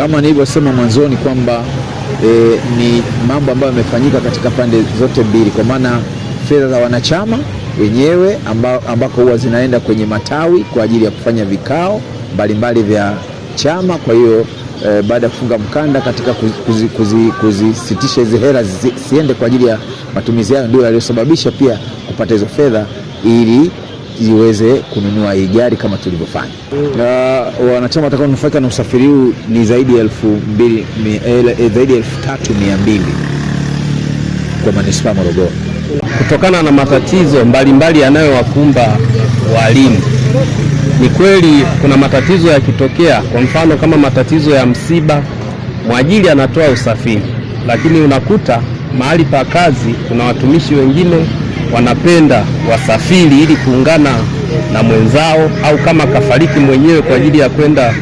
Kama nilivyosema mwanzoni kwamba e, ni mambo ambayo yamefanyika katika pande zote mbili, kwa maana fedha za wanachama wenyewe amba, ambako huwa zinaenda kwenye matawi kwa ajili ya kufanya vikao mbalimbali vya chama. Kwa hiyo e, baada ya kufunga mkanda katika kuzisitisha kuzi, kuzi, kuzi, hizi hela siende kwa ajili ya matumizi yao, ndio yaliyosababisha pia kupata hizo fedha ili iweze kununua hii gari kama tulivyofanya. Uh, wanachama watakaonufaika na usafiri huu ni zaidi ya elfu mbili, eh, eh, zaidi ya elfu tatu mia mbili kwa manispaa Morogoro kutokana na matatizo mbalimbali yanayowakumba walimu. Ni kweli kuna matatizo yakitokea, kwa mfano kama matatizo ya msiba, mwajili anatoa usafiri, lakini unakuta mahali pa kazi kuna watumishi wengine wanapenda wasafiri ili kuungana na mwenzao, au kama kafariki mwenyewe kwa ajili ya kwenda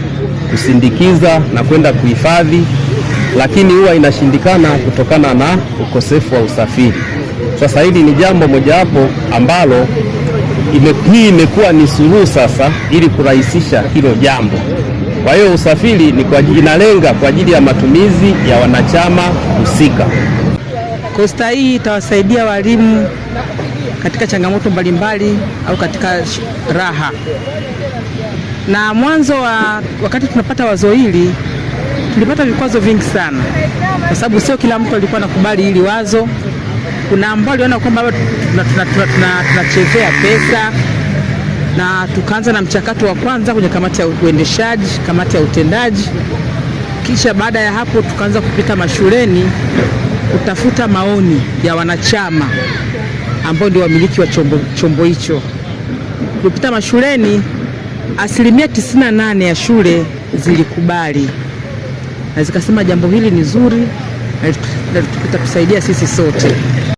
kusindikiza na kwenda kuhifadhi, lakini huwa inashindikana kutokana na ukosefu wa usafiri. Sasa hili ni jambo mojawapo ambalo ime, hii imekuwa ni suluhu sasa, ili kurahisisha hilo jambo. Kwa hiyo usafiri ni kwa, inalenga kwa ajili ya matumizi ya wanachama husika. Kosta hii itawasaidia walimu katika changamoto mbalimbali mbali, au katika raha. Na mwanzo wa wakati tunapata wazo hili tulipata vikwazo vingi sana, kwa sababu sio kila mtu alikuwa anakubali hili wazo. Kuna ambao waliona kwamba tunachezea pesa, na tukaanza na mchakato wa kwanza kwenye kamati ya uendeshaji, kamati ya utendaji. Kisha baada ya hapo tukaanza kupita mashuleni kutafuta maoni ya wanachama ambao ndio wamiliki wa chombo, chombo hicho. Tulipita mashuleni, asilimia 98 ya shule zilikubali na zikasema jambo hili ni zuri na litatusaidia sisi sote.